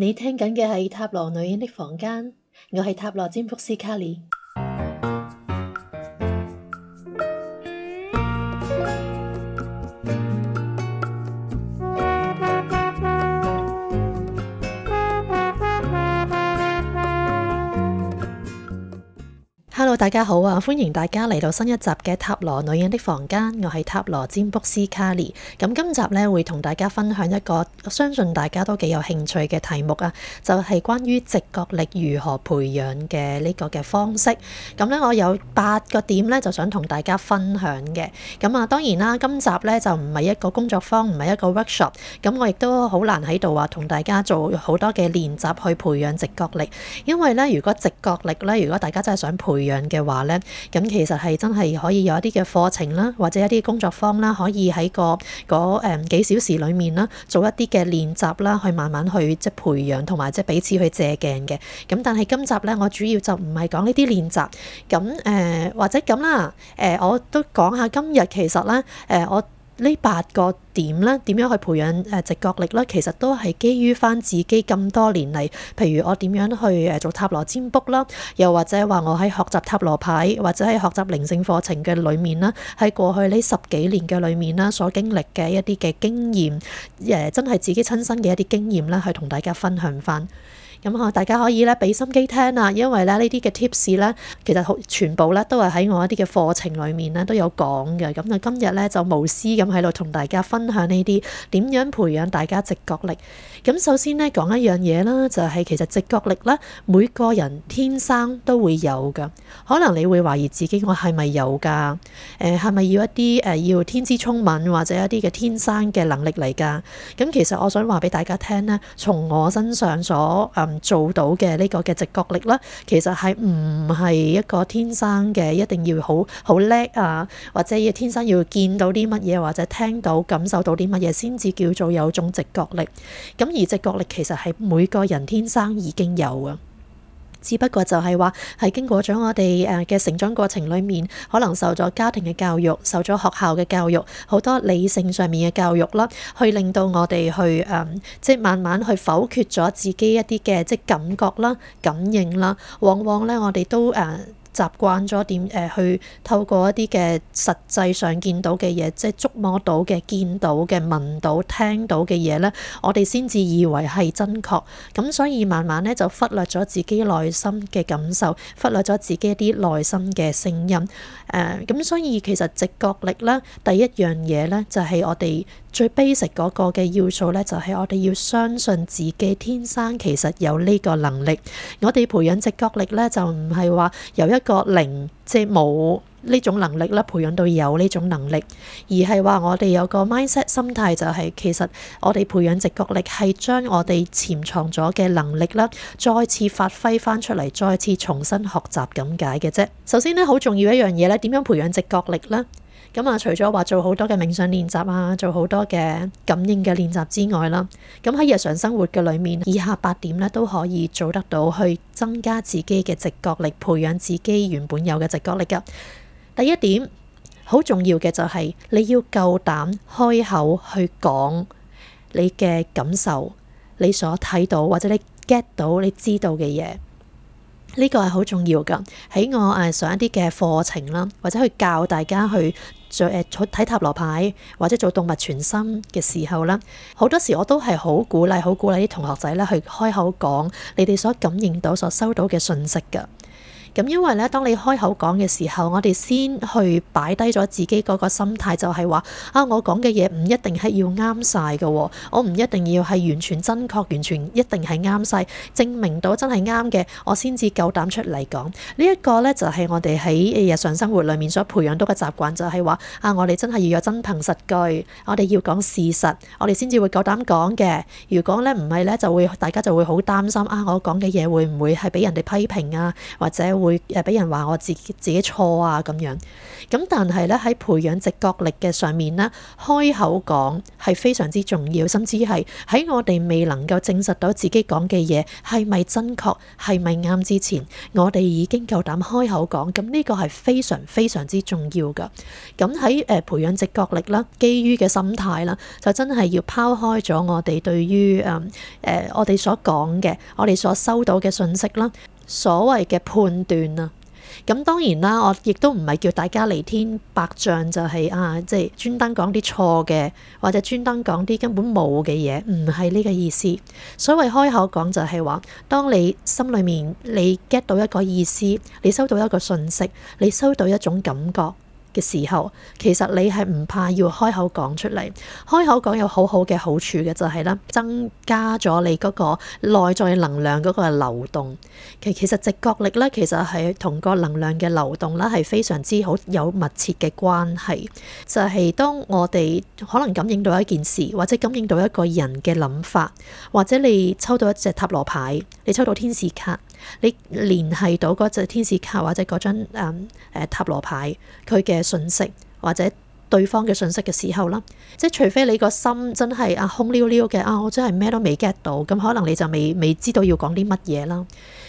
你聽緊嘅係《塔羅女人的房間》，我係塔羅占卜師卡莉。大家好啊！歡迎大家嚟到新一集嘅塔羅女人的房間，我係塔羅占卜師卡莉。咁今集咧會同大家分享一個相信大家都幾有興趣嘅題目啊，就係關於直覺力如何培養嘅呢個嘅方式。咁咧我有八個點咧就想同大家分享嘅。咁啊當然啦，今集咧就唔係一個工作坊，唔係一個 workshop。咁我亦都好難喺度話同大家做好多嘅練習去培養直覺力，因為咧如果直覺力咧，如果大家真係想培養，嘅話咧，咁其實係真係可以有一啲嘅課程啦，或者一啲工作坊啦，可以喺個嗰誒幾小時裏面啦，做一啲嘅練習啦，去慢慢去即係培養同埋即係彼此去借鏡嘅。咁但係今集咧，我主要就唔係講呢啲練習。咁誒、呃、或者咁啦，誒、呃、我都講下今日其實咧，誒、呃、我。呢八個點咧，點樣去培養誒直覺力咧？其實都係基於翻自己咁多年嚟，譬如我點樣去誒做塔羅占卜啦，又或者話我喺學習塔羅牌，或者喺學習靈性課程嘅裡面啦，喺過去呢十幾年嘅裡面啦，所經歷嘅一啲嘅經驗，誒真係自己親身嘅一啲經驗啦，去同大家分享翻。咁啊，大家可以咧俾心機聽啦，因為咧呢啲嘅 tips 咧，其實好全部咧都係喺我一啲嘅課程裡面咧都有講嘅。咁啊，今日咧就無私咁喺度同大家分享呢啲點樣培養大家直覺力。咁首先咧講一樣嘢啦，就係、是、其實直覺力咧，每個人天生都會有噶。可能你會懷疑自己，我係咪有㗎？誒係咪要一啲誒要天資聰敏或者一啲嘅天生嘅能力嚟㗎？咁其實我想話俾大家聽咧，從我身上所做到嘅呢個嘅直覺力啦，其實係唔係一個天生嘅，一定要好好叻啊，或者要天生要見到啲乜嘢，或者聽到感受到啲乜嘢先至叫做有種直覺力。咁而直覺力其實，係每個人天生已經有啊。只不過就係話係經過咗我哋誒嘅成長過程裏面，可能受咗家庭嘅教育，受咗學校嘅教育，好多理性上面嘅教育啦，去令到我哋去誒、呃，即係慢慢去否決咗自己一啲嘅即係感覺啦、感應啦，往往咧我哋都誒。呃習慣咗點誒去透過一啲嘅實際上見到嘅嘢，即係觸摸到嘅、見到嘅、聞到、聽到嘅嘢呢，我哋先至以為係真確。咁所以慢慢呢就忽略咗自己內心嘅感受，忽略咗自己一啲內心嘅聲音。誒，咁所以其實直覺力呢，第一樣嘢呢就係我哋。最 basic 嗰個嘅要素咧，就係，是、我哋要相信自己天生其實有呢個能力。我哋培養直覺力咧，就唔係話由一個零即係冇呢種能力啦，培養到有呢種能力，而係話我哋有個 mindset 心態，就是，就係其實我哋培養直覺力係將我哋潛藏咗嘅能力啦，再次發揮翻出嚟，再次重新學習咁解嘅啫。首先咧，好重要一樣嘢咧，點樣培養直覺力呢？咁啊，除咗話做好多嘅冥想練習啊，做好多嘅感應嘅練習之外啦，咁喺日常生活嘅裏面，以下八點咧都可以做得到，去增加自己嘅直覺力，培養自己原本有嘅直覺力噶。第一點好重要嘅就係你要夠膽開口去講你嘅感受，你所睇到或者你 get 到你知道嘅嘢。呢個係好重要㗎。喺我誒上一啲嘅課程啦，或者去教大家去做誒睇塔羅牌或者做動物傳心嘅時候啦，好多時我都係好鼓勵，好鼓勵啲同學仔咧去開口講你哋所感應到、所收到嘅信息㗎。咁因為咧，當你開口講嘅時候，我哋先去擺低咗自己嗰個心態，就係話啊，我講嘅嘢唔一定係要啱晒嘅喎，我唔一定要係完全真確、完全一定係啱晒。證明到真係啱嘅，我先至夠膽出嚟講。呢一個咧就係我哋喺日常生活裡面所培養到嘅習慣，就係話啊，我哋真係要有真憑實據，我哋要講事實，我哋先至會夠膽講嘅。如果咧唔係咧，就會大家就會好擔心啊，我講嘅嘢會唔會係俾人哋批評啊，或者會誒俾人話我自己自己錯啊咁樣，咁但係咧，喺培養直覺力嘅上面呢，開口講係非常之重要，甚至係喺我哋未能夠證實到自己講嘅嘢係咪真確，係咪啱之前，我哋已經夠膽開口講，咁呢個係非常非常之重要㗎。咁喺誒培養直覺力啦，基於嘅心態啦，就真係要拋開咗我哋對於誒誒、呃、我哋所講嘅，我哋所收到嘅信息啦。所謂嘅判斷啊，咁當然啦，我亦都唔係叫大家離天百丈、就係啊，就係啊，即係專登講啲錯嘅，或者專登講啲根本冇嘅嘢，唔係呢個意思。所謂開口講就係話，當你心裡面你 get 到一個意思，你收到一個訊息，你收到一種感覺，嘅時候，其實你係唔怕要開口講出嚟。開口講有好好嘅好處嘅就係啦，增加咗你嗰個內在能量嗰個流動。其其實直覺力咧，其實係同個能量嘅流動啦，係非常之好有密切嘅關係。就係當我哋可能感應到一件事，或者感應到一個人嘅諗法，或者你抽到一隻塔羅牌，你抽到天使卡。你聯繫到嗰隻天使卡或者嗰張塔羅牌佢嘅信息，或者對方嘅信息嘅時候啦，即係除非你個心真係啊空溜溜嘅啊，我真係咩都未 get 到咁，可能你就未未知道要講啲乜嘢啦。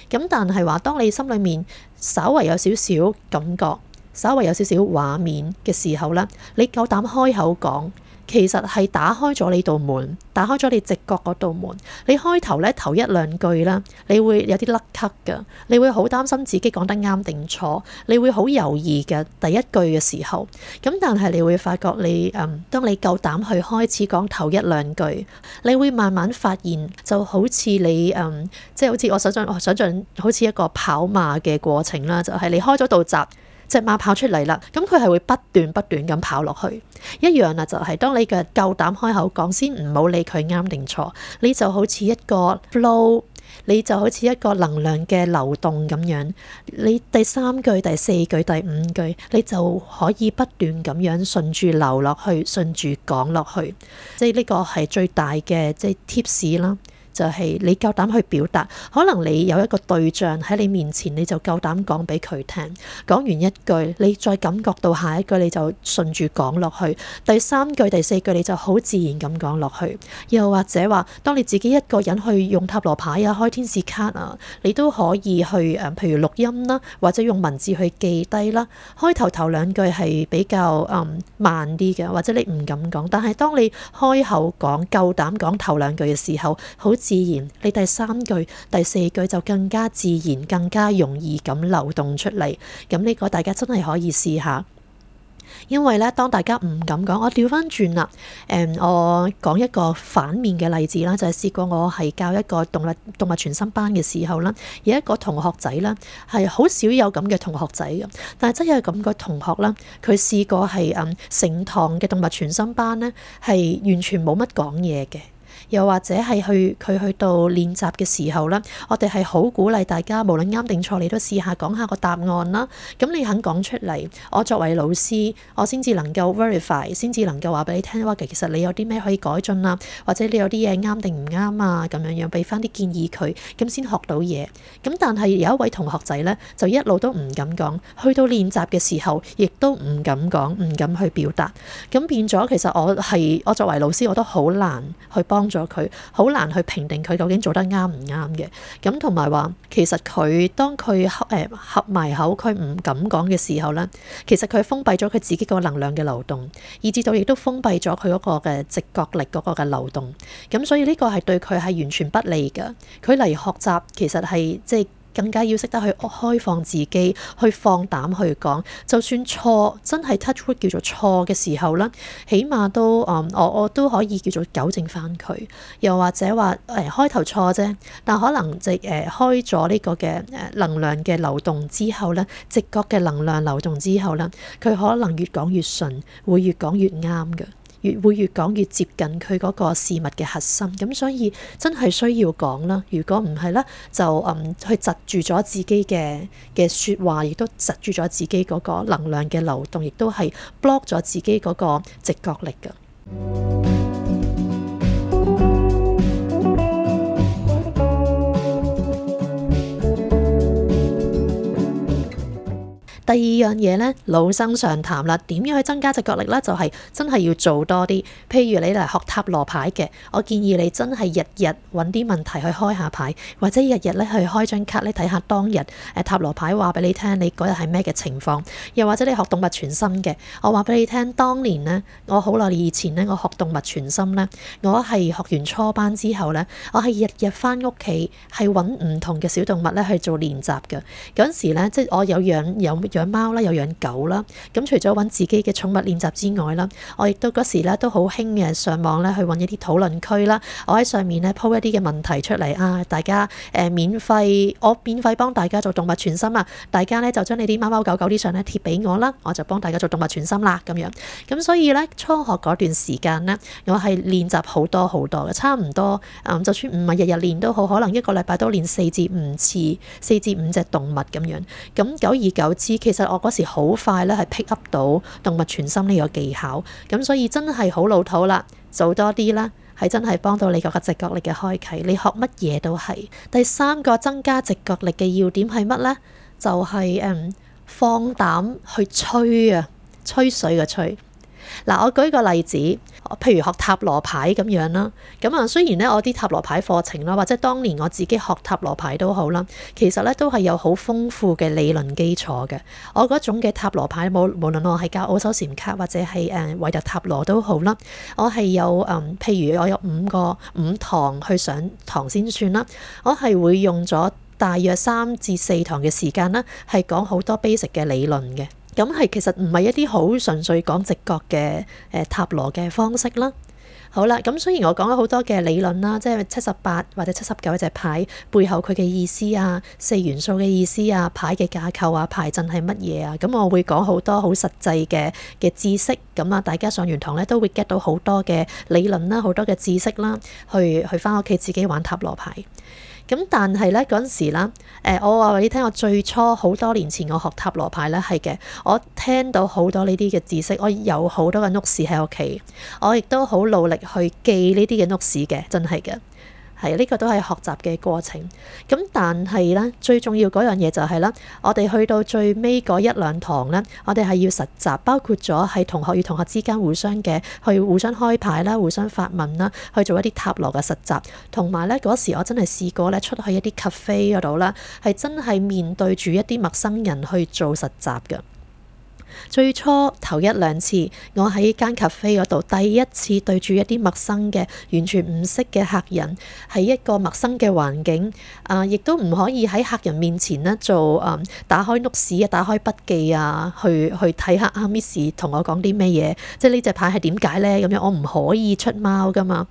咁但係話，當你心裡面稍為有少少感覺，稍為有少少畫面嘅時候啦，你夠膽開口講。其實係打開咗你道門，打開咗你直覺嗰道門。你開頭咧，頭一兩句啦，你會有啲甩咳㗎，你會好擔心自己講得啱定錯，你會好猶豫嘅第一句嘅時候。咁但係你會發覺你嗯，當你夠膽去開始講頭一兩句，你會慢慢發現就好似你嗯，即係好似我想象，我想象好似一個跑馬嘅過程啦，就係你開咗道閘。隻馬跑出嚟啦，咁佢係會不斷不斷咁跑落去，一樣啦，就係當你嘅夠膽開口講，先唔好理佢啱定錯，你就好似一個 flow，你就好似一個能量嘅流動咁樣，你第三句、第四句、第五句，你就可以不斷咁樣順住流落去，順住講落去，即係呢個係最大嘅即係 tips 啦。就係你夠膽去表達，可能你有一個對象喺你面前，你就夠膽講俾佢聽。講完一句，你再感覺到下一句，你就順住講落去。第三句、第四句，你就好自然咁講落去。又或者話，當你自己一個人去用塔羅牌啊、開天使卡啊，你都可以去誒，譬如錄音啦、啊，或者用文字去記低啦、啊。開頭頭兩句係比較誒、um, 慢啲嘅，或者你唔敢講。但係當你開口講夠膽講頭兩句嘅時候，好。自然，你第三句、第四句就更加自然，更加容易咁流動出嚟。咁呢個大家真係可以試下，因為呢，當大家唔敢講，我調翻轉啦。誒，我講一個反面嘅例子啦，就係、是、試過我係教一個動物動物全身班嘅時候啦，有一個同學仔啦，係好少有咁嘅同學仔嘅，但係真係有咁嘅同學啦，佢試過係誒、嗯、成堂嘅動物全身班呢，係完全冇乜講嘢嘅。又或者係去佢去，去到練習嘅時候咧，我哋係好鼓勵大家，無論啱定錯，你都試下講下個答案啦。咁你肯講出嚟，我作為老師，我先至能夠 verify，先至能夠話俾你聽，其實你有啲咩可以改進啊，或者你有啲嘢啱定唔啱啊，咁樣樣俾翻啲建議佢，咁先學到嘢。咁但係有一位同學仔呢，就一路都唔敢講，去到練習嘅時候，亦都唔敢講，唔敢去表達。咁變咗，其實我係我作為老師，我都好難去幫。咗佢好難去評定佢究竟做得啱唔啱嘅，咁同埋話，其實佢當佢合誒合埋口，佢唔敢講嘅時候呢，其實佢、呃、封閉咗佢自己個能量嘅流動，以至到亦都封閉咗佢嗰個嘅直覺力嗰個嘅流動，咁所以呢個係對佢係完全不利噶。佢嚟學習其實係即係。就是更加要識得去開放自己，去放膽去講，就算錯真係 touch wood 叫做錯嘅時候呢，起碼都我我都可以叫做糾正返佢，又或者話誒、欸、開頭錯啫，但可能即誒、欸、開咗呢個嘅誒能量嘅流動之後呢，直覺嘅能量流動之後呢，佢可能越講越順，會越講越啱嘅。越會越講越接近佢嗰個事物嘅核心，咁所以真係需要講啦。如果唔係咧，就嗯去窒住咗自己嘅嘅説話，亦都窒住咗自己嗰個能量嘅流動，亦都係 block 咗自己嗰個直覺力嘅。第二樣嘢呢，老生常談啦，點樣去增加隻腳力呢？就係真係要做多啲。譬如你嚟學塔羅牌嘅，我建議你真係日日揾啲問題去開下牌，或者日日咧去開張卡咧，睇下當日塔羅牌話俾你聽，你嗰日係咩嘅情況。又或者你學動物傳心嘅，我話俾你聽，當年呢，我好耐以前呢，我學動物傳心呢。我係學完初班之後呢，我係日日翻屋企係揾唔同嘅小動物咧去做練習嘅。嗰時呢，即係我有養有養。有養貓啦，又養狗啦，咁除咗揾自己嘅寵物練習之外啦，我亦都嗰時咧都好興嘅上網咧去揾一啲討論區啦。我喺上面咧 po 一啲嘅問題出嚟啊，大家誒、呃、免費，我免費幫大家做動物傳心啊，大家咧就將你啲貓貓狗狗啲相咧貼俾我啦，我就幫大家做動物傳心啦，咁樣。咁所以咧初學嗰段時間呢，我係練習好多好多嘅，差唔多，就算唔係日日練都好，可能一個禮拜都練四至五次，四至五隻動物咁樣。咁久而久之，其實我嗰時好快咧，係 pick up 到動物全心呢個技巧，咁所以真係好老土啦。做多啲啦，係真係幫到你個直覺力嘅開啟。你學乜嘢都係。第三個增加直覺力嘅要點係乜呢？就係、是嗯、放膽去吹啊，吹水嘅吹。嗱，我舉個例子，譬如學塔羅牌咁樣啦，咁啊雖然咧我啲塔羅牌課程啦，或者當年我自己學塔羅牌都好啦，其實咧都係有好豐富嘅理論基礎嘅。我嗰種嘅塔羅牌冇，無論我係教奧修禪卡或者係誒韋特塔羅都好啦，我係有誒，譬如我有五個五堂去上堂先算啦，我係會用咗大約三至四堂嘅時間啦，係講好多 basic 嘅理論嘅。咁係其實唔係一啲好純粹講直覺嘅塔羅嘅方式啦。好啦，咁雖然我講咗好多嘅理論啦，即係七十八或者七十九隻牌背後佢嘅意思啊、四元素嘅意思啊、牌嘅架構啊、牌陣係乜嘢啊，咁我會講好多好實際嘅嘅知識，咁啊，大家上完堂呢都會 get 到好多嘅理論啦、好多嘅知識啦，去去返屋企自己玩塔羅牌。咁但係咧嗰陣時咧，誒、呃、我話畀你聽，我最初好多年前我學塔羅牌咧，係嘅，我聽到好多呢啲嘅知識，我有好多嘅 notes 喺屋企，我亦都好努力去記呢啲嘅 notes 嘅，真係嘅。係，呢個都係學習嘅過程。咁但係呢，最重要嗰樣嘢就係呢，我哋去到最尾嗰一兩堂呢，我哋係要實習，包括咗係同學與同學之間互相嘅去互相開牌啦，互相發問啦，去做一啲塔羅嘅實習。同埋呢，嗰時我真係試過呢，出去一啲咖啡嗰度啦，係真係面對住一啲陌生人去做實習嘅。最初頭一兩次，我喺間咖啡嗰度，第一次對住一啲陌生嘅完全唔識嘅客人，喺一個陌生嘅環境，啊，亦都唔可以喺客人面前呢做啊、嗯，打開 note 紙，啊，打開筆記啊，去去睇下啊 Miss 同我講啲咩嘢，即係呢隻牌係點解呢？咁樣我唔可以出貓噶嘛。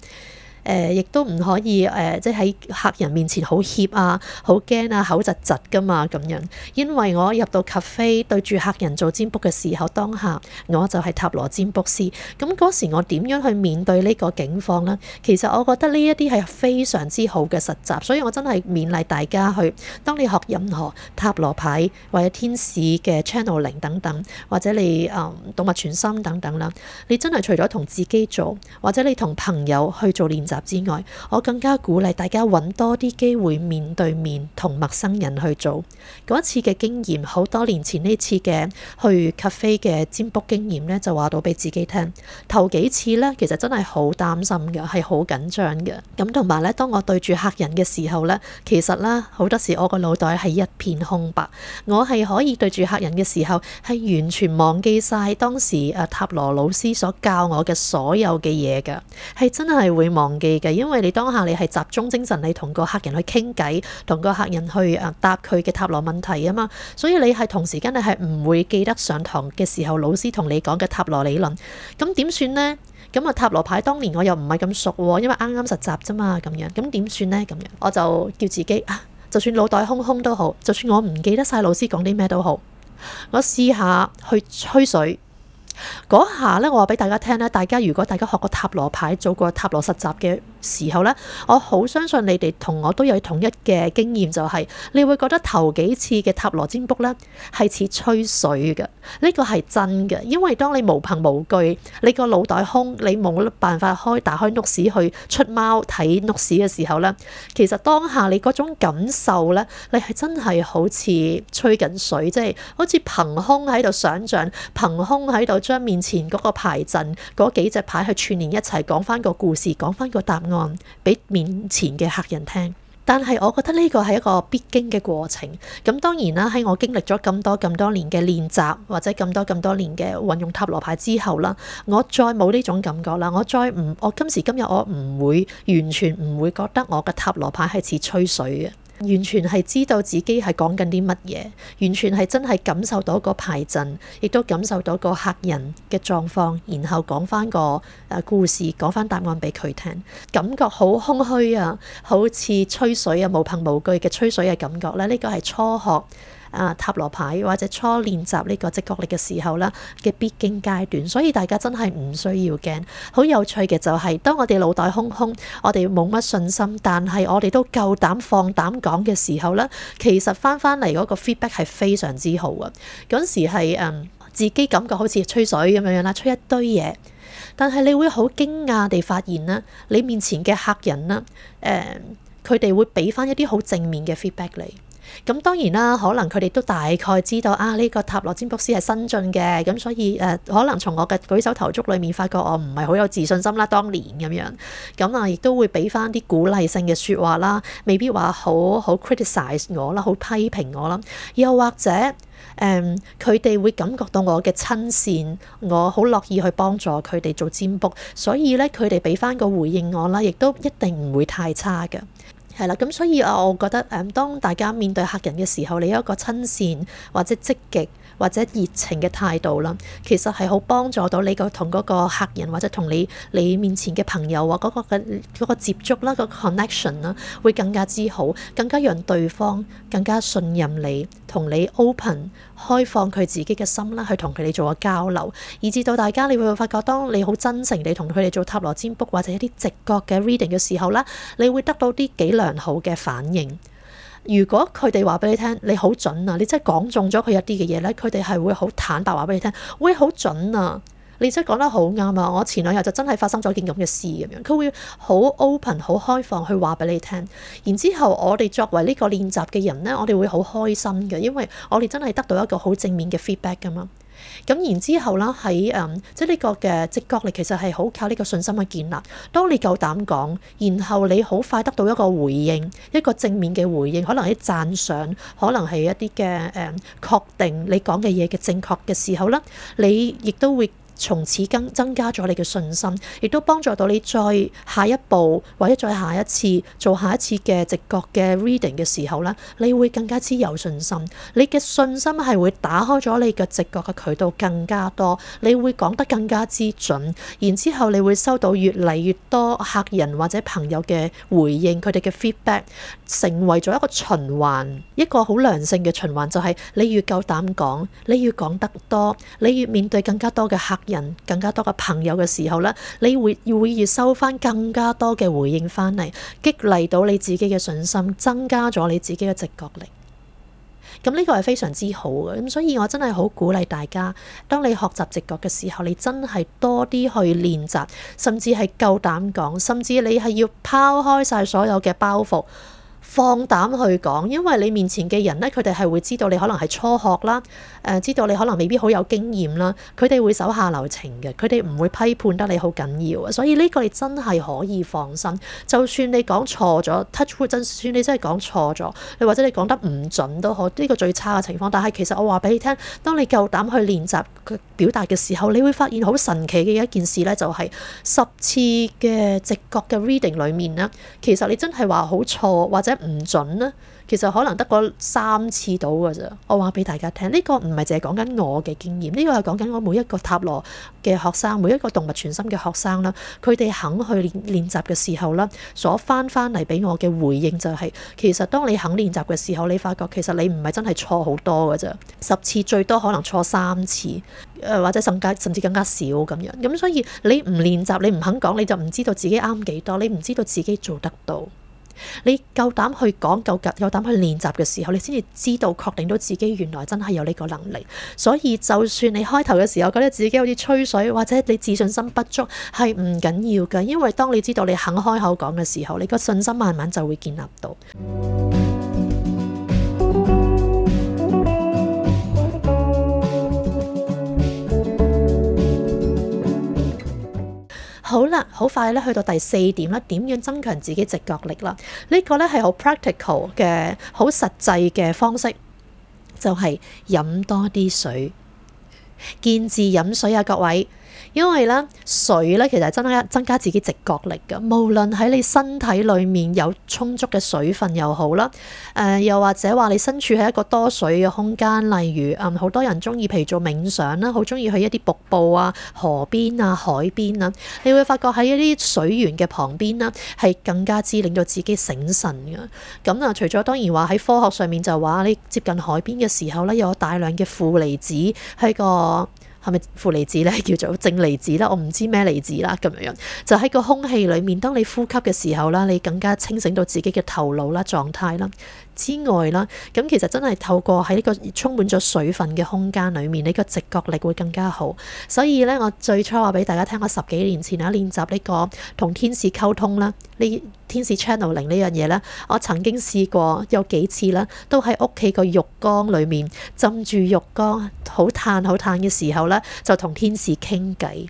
誒，亦、呃、都唔可以誒、呃，即係喺客人面前好怯啊、好驚啊、口窒窒噶嘛，咁樣。因為我入到 café 對住客人做占卜嘅時候，當下我就係塔羅占卜師。咁嗰時我點樣去面對呢個境況呢？其實我覺得呢一啲係非常之好嘅實習，所以我真係勉勵大家去。當你學任何塔羅牌或者天使嘅 channeling 等等，或者你誒、嗯、動物傳心等等啦，你真係除咗同自己做，或者你同朋友去做練習，之外，我更加鼓勵大家搵多啲機會面對面同陌生人去做嗰一次嘅經驗。好多年前呢次嘅去 cafe 嘅占卜經驗呢，就話到俾自己聽。頭幾次呢，其實真係好擔心嘅，係好緊張嘅。咁同埋呢，當我對住客人嘅時候呢，其實呢，好多時我個腦袋係一片空白。我係可以對住客人嘅時候，係完全忘記晒當時塔羅老師所教我嘅所有嘅嘢噶，係真係會忘記嘅，因為你當下你係集中精神，你同個客人去傾偈，同個客人去誒答佢嘅塔羅問題啊嘛，所以你係同時間你係唔會記得上堂嘅時候老師同你講嘅塔羅理論，咁點算呢？咁啊塔羅牌當年我又唔係咁熟，因為啱啱實習啫嘛，咁樣，咁點算呢？咁樣我就叫自己啊，就算腦袋空空都好，就算我唔記得晒老師講啲咩都好，我試下去吹水。嗰下咧，我話俾大家聽咧，大家如果大家學過塔羅牌，做過塔羅實習嘅時候呢，我好相信你哋同我都有統一嘅經驗，就是，就係你會覺得頭幾次嘅塔羅占卜呢，係似吹水嘅，呢個係真嘅。因為當你無憑無據，你個腦袋空，你冇辦法開打開 notes 去出貓睇 notes 嘅時候呢，其實當下你嗰種感受呢，你係真係好似吹緊水，即，就，係，是，好似憑空喺度想象，憑空喺度將面前嗰個牌陣嗰幾隻牌去串聯一齊講翻個故事，講翻個答案，俾面前嘅客人聽，但係我覺得呢個係一個必經嘅過程。咁當然啦，喺我經歷咗咁多咁多年嘅練習，或者咁多咁多年嘅運用塔羅牌之後啦，我再冇呢種感覺啦，我再唔，我今時今日我唔會完全唔會覺得我嘅塔羅牌係似吹水嘅。完全係知道自己係講緊啲乜嘢，完全係真係感受到個排陣，亦都感受到個客人嘅狀況，然後講翻個誒故事，講翻答案俾佢聽，感覺好空虛啊，好似吹水啊，無憑無據嘅吹水嘅感覺咧，呢個係初學。啊、塔羅牌或者初練習呢個直覺力嘅時候啦，嘅必經階段，所以大家真係唔需要驚。好有趣嘅就係、是，當我哋腦袋空空，我哋冇乜信心，但係我哋都夠膽放膽講嘅時候呢，其實翻翻嚟嗰個 feedback 係非常之好啊！嗰時係、嗯、自己感覺好似吹水咁樣樣啦，吹一堆嘢，但係你會好驚訝地發現呢你面前嘅客人呢，佢、嗯、哋會俾翻一啲好正面嘅 feedback 你。咁當然啦，可能佢哋都大概知道啊，呢個塔羅占卜師係新進嘅，咁所以誒，可能從我嘅舉手投足裡面發覺我唔係好有自信心啦，當年咁樣，咁啊亦都會俾翻啲鼓勵性嘅説話啦，未必話好好 criticize 我啦，好批評我啦，又或者誒，佢哋會感覺到我嘅親善，我好樂意去幫助佢哋做占卜，所以咧佢哋俾翻個回應我啦，亦都一定唔會太差嘅。係啦，咁所以我覺得誒，當大家面對客人嘅時候，你有一個親善或者積極，或者熱情嘅態度啦，其實係好幫助到你個同嗰個客人或者同你你面前嘅朋友啊嗰嘅嗰個接觸啦個 connection 啦，會更加之好，更加讓對方更加信任你，同你 open 開放佢自己嘅心啦，去同佢哋做個交流，以至到大家你會發覺，當你好真誠地同佢哋做塔羅占卜或者一啲直覺嘅 reading 嘅時候啦，你會得到啲幾良好嘅反應。如果佢哋話俾你聽，你好準啊，你真係講中咗佢一啲嘅嘢咧，佢哋係會好坦白話俾你聽，喂，會好準啊，你真係講得好啱啊！我前兩日就真係發生咗件咁嘅事咁樣，佢會好 open、好開放去話俾你聽。然之後我哋作為呢個練習嘅人咧，我哋會好開心嘅，因為我哋真係得到一個好正面嘅 feedback 噶嘛。咁然之後啦，喺誒，即係呢個嘅直覺你其實係好靠呢個信心去建立。當你夠膽講，然後你好快得到一個回應，一個正面嘅回應，可能係讚賞，可能係一啲嘅誒確定你講嘅嘢嘅正確嘅時候啦，你亦都會。從此更增加咗你嘅信心，亦都幫助到你再下一步或者再下一次做下一次嘅直覺嘅 reading 嘅時候呢，你會更加之有信心。你嘅信心係會打開咗你嘅直覺嘅渠道更加多，你會講得更加之準。然之後你會收到越嚟越多客人或者朋友嘅回應，佢哋嘅 feedback 成為咗一個循環，一個好良性嘅循環，就係你越夠膽講，你越講得多，你越面對更加多嘅客。人更加多嘅朋友嘅時候呢，你會會接收翻更加多嘅回應翻嚟，激勵到你自己嘅信心，增加咗你自己嘅直覺力。咁呢個係非常之好嘅。咁所以我真係好鼓勵大家，當你學習直覺嘅時候，你真係多啲去練習，甚至係夠膽講，甚至你係要拋開晒所有嘅包袱。放膽去講，因為你面前嘅人呢，佢哋係會知道你可能係初學啦，誒、呃，知道你可能未必好有經驗啦，佢哋會手下留情嘅，佢哋唔會批判得你好緊要啊，所以呢個你真係可以放心，就算你講錯咗，touch wood，就算你真係講錯咗，你或者你講得唔準都好，呢、這個最差嘅情況。但係其實我話俾你聽，當你夠膽去練習表達嘅時候，你會發現好神奇嘅一件事呢，就係十次嘅直覺嘅 reading 裡面呢，其實你真係話好錯或者唔準呢。其實可能得嗰三次到㗎啫，我話俾大家聽，呢個唔係淨係講緊我嘅經驗，呢個係講緊我每一個塔羅嘅學生，每一個動物傳心嘅學生啦，佢哋肯去練練習嘅時候啦，所翻翻嚟俾我嘅回應就係，其實當你肯練習嘅時候，你發覺其實你唔係真係錯好多㗎啫，十次最多可能錯三次，誒或者甚至甚至更加少咁樣，咁所以你唔練習，你唔肯講，你就唔知道自己啱幾多，你唔知道自己做得到。你夠膽去講，夠格，夠膽去練習嘅時候，你先至知道確定到自己原來真係有呢個能力。所以就算你開頭嘅時候覺得自己好似吹水，或者你自信心不足，係唔緊要㗎。因為當你知道你肯開口講嘅時候，你個信心慢慢就會建立到。好啦，好快咧，去到第四點啦，點樣增強自己直覺力啦？呢、這個咧係好 practical 嘅，好實際嘅方式，就係、是、飲多啲水，見字飲水啊，各位。因為咧，水咧其實係增加增加自己直覺力嘅。無論喺你身體裏面有充足嘅水分又好啦，誒、呃、又或者話你身處喺一個多水嘅空間，例如嗯，好多人中意譬如做冥想啦，好中意去一啲瀑布啊、河邊啊、海邊啊，你會發覺喺一啲水源嘅旁邊啦、啊，係更加之令到自己醒神嘅。咁、嗯、啊，除咗當然話喺科學上面就話你接近海邊嘅時候咧，有大量嘅負離子喺個。係咪負離子咧？叫做正離子啦，我唔知咩離子啦，咁樣樣就喺、是、個空氣裏面，當你呼吸嘅時候啦，你更加清醒到自己嘅頭腦啦、狀態啦。之外啦，咁其實真係透過喺呢個充滿咗水分嘅空間裏面，呢、這個直覺力會更加好。所以呢，我最初話俾大家聽，我十幾年前啦練習呢個同天使溝通啦，呢天使 channel 零呢樣嘢咧，我曾經試過有幾次啦，都喺屋企個浴缸裡面浸住浴缸，好嘆好嘆嘅時候呢，就同天使傾偈。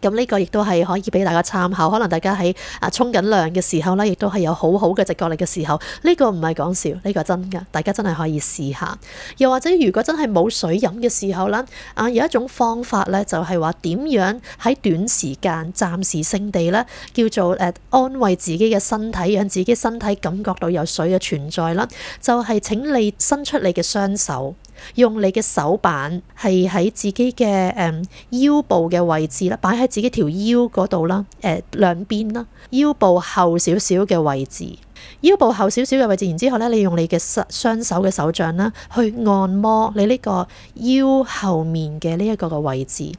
咁呢個亦都係可以俾大家參考，可能大家喺啊沖緊涼嘅時候呢，亦都係有好好嘅直覺力嘅時候，呢個唔係講笑，呢個真㗎，大家真係可以試下。又或者如果真係冇水飲嘅時候咧，啊有一種方法呢，就係話點樣喺短時間暫時性地呢，叫做誒安慰自己嘅身體，讓自己身體感覺到有水嘅存在啦，就係請你伸出你嘅雙手。用你嘅手板，係喺自己嘅誒、嗯、腰部嘅位置啦，擺喺自己條腰嗰度啦，誒、呃、兩邊啦，腰部後少少嘅位置。腰部後少少嘅位置，然之後咧，你用你嘅雙雙手嘅手掌啦，去按摩你呢個腰後面嘅呢一個嘅位置。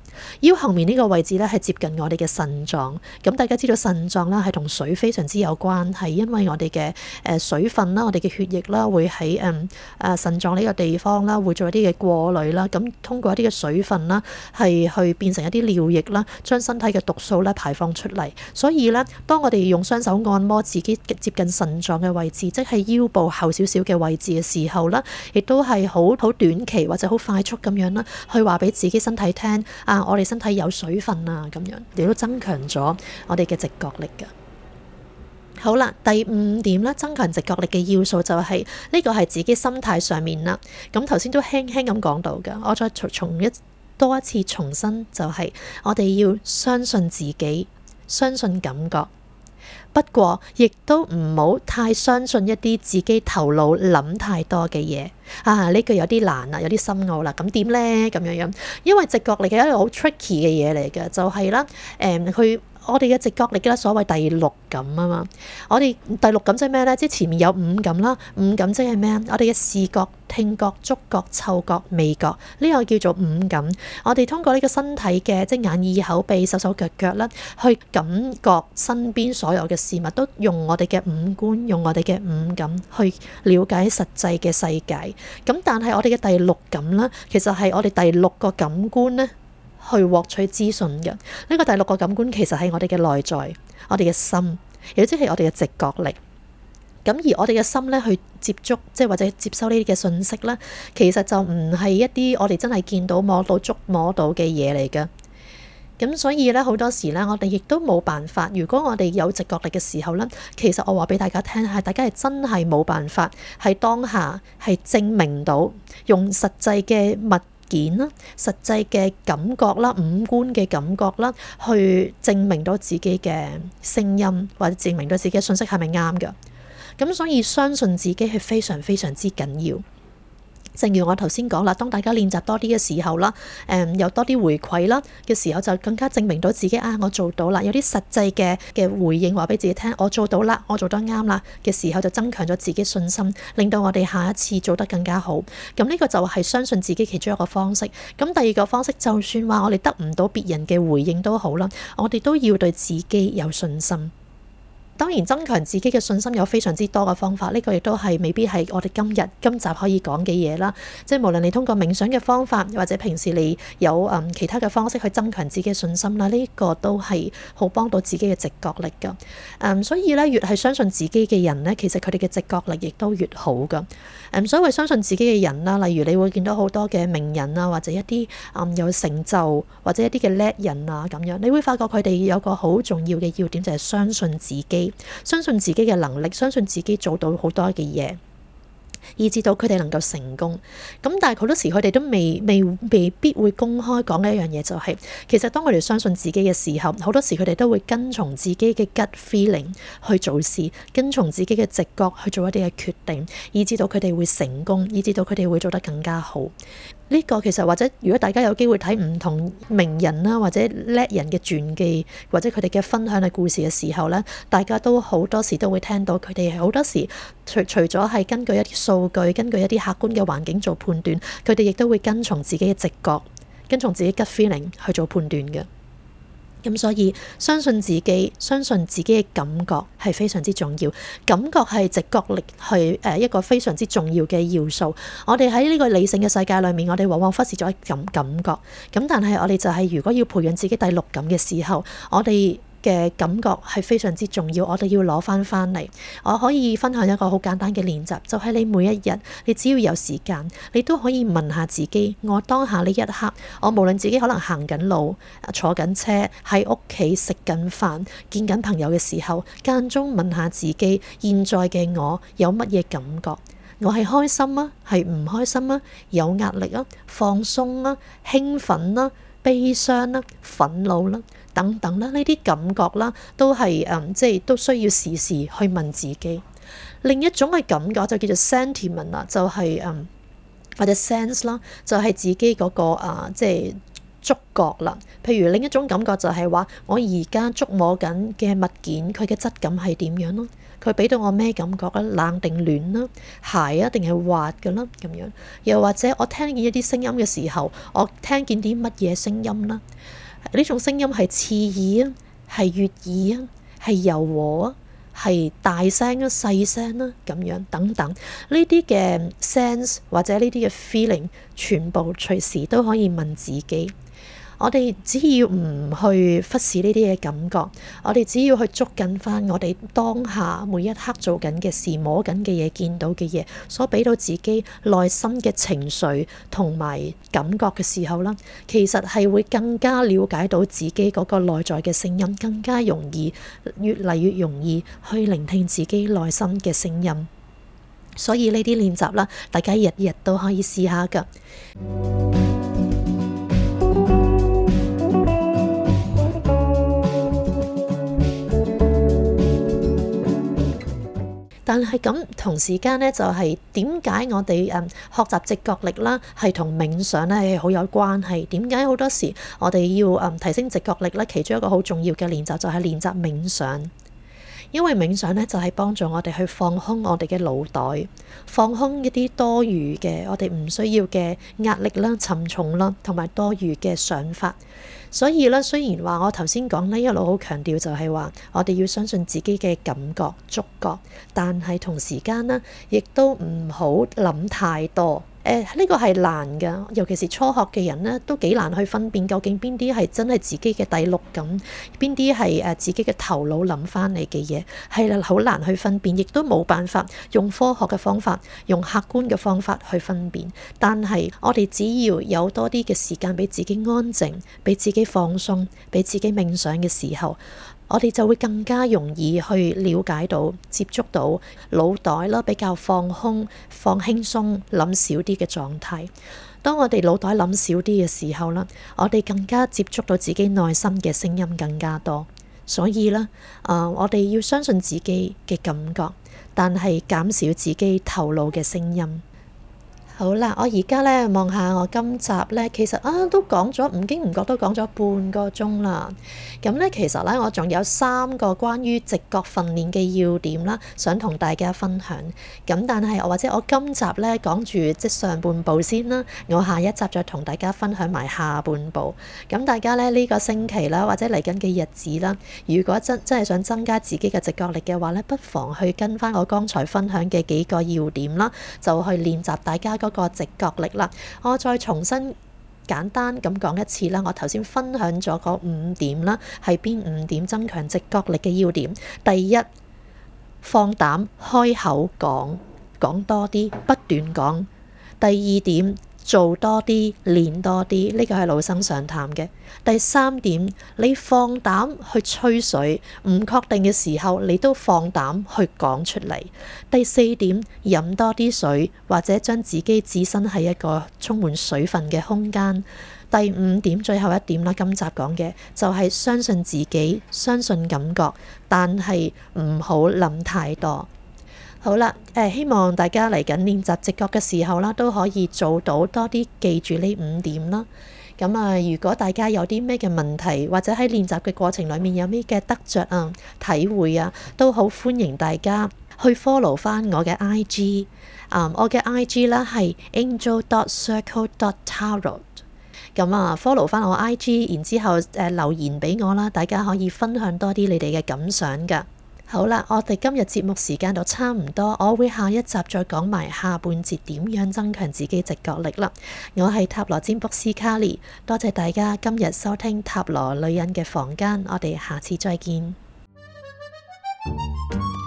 腰後面呢個位置咧，係接近我哋嘅腎臟。咁大家知道腎臟啦，係同水非常之有關係，因為我哋嘅誒水分啦，我哋嘅血液啦，會喺誒誒腎臟呢個地方啦，會做一啲嘅過濾啦。咁通過一啲嘅水分啦，係去變成一啲尿液啦，將身體嘅毒素咧排放出嚟。所以咧，當我哋用雙手按摩自己接近腎狀嘅位置，即係腰部後少少嘅位置嘅時候啦，亦都係好好短期或者好快速咁樣啦，去話俾自己身體聽啊，我哋身體有水分啊，咁樣亦都增強咗我哋嘅直覺力噶。好啦，第五點啦，增強直覺力嘅要素就係呢個係自己心態上面啦。咁頭先都輕輕咁講到噶，我再重一多一次，重申，就係、是、我哋要相信自己，相信感覺。不過，亦都唔好太相信一啲自己頭腦諗太多嘅嘢啊！呢句有啲難啦，有啲深奧啦。咁點呢？咁樣樣，因為直覺嚟嘅一個好 tricky 嘅嘢嚟嘅，就係、是、啦，誒、嗯、佢。我哋嘅直覺力咧，所謂第六感啊嘛。我哋第六感即係咩呢？即係前面有五感啦。五感即係咩？我哋嘅視覺、聽覺、觸覺、嗅覺、味覺，呢個叫做五感。我哋通過呢個身體嘅即眼、耳、口、鼻、手、手、腳、腳咧，去感覺身邊所有嘅事物，都用我哋嘅五官，用我哋嘅五感去了解實際嘅世界。咁但係我哋嘅第六感啦，其實係我哋第六個感官呢。去獲取資訊嘅呢個第六個感官其實係我哋嘅內在，我哋嘅心，亦即係我哋嘅直覺力。咁而我哋嘅心咧去接觸，即係或者接收呢啲嘅信息啦，其實就唔係一啲我哋真係見到摸到捉摸到嘅嘢嚟嘅。咁所以咧好多時咧，我哋亦都冇辦法。如果我哋有直覺力嘅時候咧，其實我話俾大家聽係，大家係真係冇辦法係當下係證明到用實際嘅物件啦，實際嘅感覺啦，五官嘅感覺啦，去證明到自己嘅聲音，或者證明到自己嘅信息係咪啱嘅。咁所以相信自己係非常非常之緊要。正如我頭先講啦，當大家練習多啲嘅時候啦，誒，有多啲回饋啦嘅時候，就更加證明到自己啊，我做到啦，有啲實際嘅嘅回應話俾自己聽，我做到啦，我做得啱啦嘅時候，就增強咗自己信心，令到我哋下一次做得更加好。咁呢個就係相信自己其中一個方式。咁第二個方式，就算話我哋得唔到別人嘅回應都好啦，我哋都要對自己有信心。當然增強自己嘅信心有非常之多嘅方法，呢個亦都係未必係我哋今日今集可以講嘅嘢啦。即係無論你通過冥想嘅方法，或者平時你有、嗯、其他嘅方式去增強自己嘅信心啦，呢個都係好幫到自己嘅直覺力㗎。嗯，所以咧越係相信自己嘅人呢，其實佢哋嘅直覺力亦都越好㗎。嗯，所謂相信自己嘅人啦，例如你會見到好多嘅名人啊，或者一啲、嗯、有成就或者一啲嘅叻人啊咁樣，你會發覺佢哋有個好重要嘅要點就係相信自己。相信自己嘅能力，相信自己做到好多嘅嘢，以至到佢哋能夠成功。咁但係好多時佢哋都未未未必會公開講嘅一樣嘢，就是，就係其實當我哋相信自己嘅時候，好多時佢哋都會跟從自己嘅 gut feeling 去做事，跟從自己嘅直覺去做一啲嘅決定，以至到佢哋會成功，以至到佢哋會做得更加好。呢個其實或者，如果大家有機會睇唔同名人啦，或者叻人嘅傳記，或者佢哋嘅分享嘅故事嘅時候咧，大家都好多時都會聽到佢哋好多時除除咗係根據一啲數據、根據一啲客觀嘅環境做判斷，佢哋亦都會跟從自己嘅直覺、跟從自己嘅 gut feeling 去做判斷嘅。咁所以相信自己，相信自己嘅感覺係非常之重要。感覺係直覺力，係誒一個非常之重要嘅要素。我哋喺呢個理性嘅世界裏面，我哋往往忽視咗一種感覺。咁但係我哋就係如果要培養自己第六感嘅時候，我哋。嘅感覺係非常之重要，我哋要攞翻翻嚟。我可以分享一個好簡單嘅練習，就係你每一日，你只要有時間，你都可以問下自己：我當下呢一刻，我無論自己可能行緊路、坐緊車、喺屋企食緊飯、見緊朋友嘅時候，間中問下自己，現在嘅我有乜嘢感覺？我係開心啊，係唔開心啊？有壓力啊？放鬆啊？興奮啊？悲傷啦、憤怒啦、等等啦，呢啲感覺啦，都係誒，即係都需要時時去問自己。另一種嘅感覺就叫做 sentiment 啦、就係，就係誒或者 sense 啦，就係自己嗰、嗰個啊，即係觸覺啦。譬如另一種感覺就係、係、話，我而家觸摸緊嘅物件，佢嘅質感係點樣咯？佢俾到我咩感覺啊？冷定暖啦、啊，鞋定係滑嘅啦、啊，咁樣又或者我聽見一啲聲音嘅時候，我聽見啲乜嘢聲音啦？呢種聲音係刺耳啊，係悅耳啊，係柔和啊，係大聲啦、啊、細聲啦、啊，咁樣等等呢啲嘅 sense 或者呢啲嘅 feeling，全部隨時都可以問自己。我哋只要唔去忽視呢啲嘢感覺，我哋只要去捉緊翻我哋當下每一刻做緊嘅事、摸緊嘅嘢、見到嘅嘢，所畀到自己內心嘅情緒同埋感覺嘅時候啦，其實係會更加了解到自己嗰個內在嘅聲音，更加容易越嚟越容易去聆聽自己內心嘅聲音。所以呢啲練習啦，大家日日都可以試下㗎。但係咁同時間咧，就係點解我哋嗯學習直覺力啦，係同冥想咧係好有關係。點解好多時我哋要嗯提升直覺力咧？其中一個好重要嘅練習就係練習冥想。因為冥想咧，就係幫助我哋去放空我哋嘅腦袋，放空一啲多餘嘅我哋唔需要嘅壓力啦、沉重啦，同埋多餘嘅想法。所以咧，雖然話我頭先講呢一路好強調，就係話我哋要相信自己嘅感覺、觸覺，但係同時間呢，亦都唔好諗太多。誒呢個係難噶，尤其是初學嘅人呢都幾難去分辨究竟邊啲係真係自己嘅第六感，邊啲係誒自己嘅頭腦諗返嚟嘅嘢，係好難去分辨，亦都冇辦法用科學嘅方法、用客觀嘅方法去分辨。但係我哋只要有多啲嘅時間俾自己安靜、俾自己放鬆、俾自己冥想嘅時候，我哋就會更加容易去了解到、接觸到腦袋啦，比較放空、放輕鬆、諗少啲嘅狀態。當我哋腦袋諗少啲嘅時候呢，我哋更加接觸到自己內心嘅聲音更加多。所以呢，誒、呃，我哋要相信自己嘅感覺，但係減少自己頭腦嘅聲音。好啦，我而家咧，望下我今集咧，其實啊都講咗唔經唔覺都講咗半個鐘啦。咁咧，其實咧，我仲有三個關於直覺訓練嘅要點啦，想同大家分享。咁但係我或者我今集咧，講住即上半部先啦，我下一集再同大家分享埋下半部。咁大家咧，呢個星期啦，或者嚟緊嘅日子啦，如果真真係想增加自己嘅直覺力嘅話咧，不妨去跟翻我剛才分享嘅幾個要點啦，就去練習大家個直覺力啦，我再重新簡單咁講一次啦。我頭先分享咗個五點啦，係邊五點增強直覺力嘅要點？第一，放膽開口講，講多啲，不斷講。第二點。做多啲，練多啲，呢個係老生常談嘅。第三點，你放膽去吹水，唔確定嘅時候，你都放膽去講出嚟。第四點，飲多啲水，或者將自己置身喺一個充滿水分嘅空間。第五點，最後一點啦，今集講嘅就係相信自己，相信感覺，但係唔好諗太多。好啦，誒希望大家嚟緊練習直覺嘅時候啦，都可以做到多啲記住呢五點啦。咁啊，如果大家有啲咩嘅問題，或者喺練習嘅過程裡面有咩嘅得着啊、體會啊，都好歡迎大家去 follow 翻我嘅 IG，我 IG。啊，我嘅 IG 咧係 angel.circle.tarot。咁啊，follow 翻我 IG，然後之後誒留言俾我啦，大家可以分享多啲你哋嘅感想㗎。好啦，我哋今日節目時間就差唔多，我會下一集再講埋下半節點樣增強自己直覺力啦。我係塔羅占卜師卡莉，多謝大家今日收聽塔羅女人嘅房間，我哋下次再見。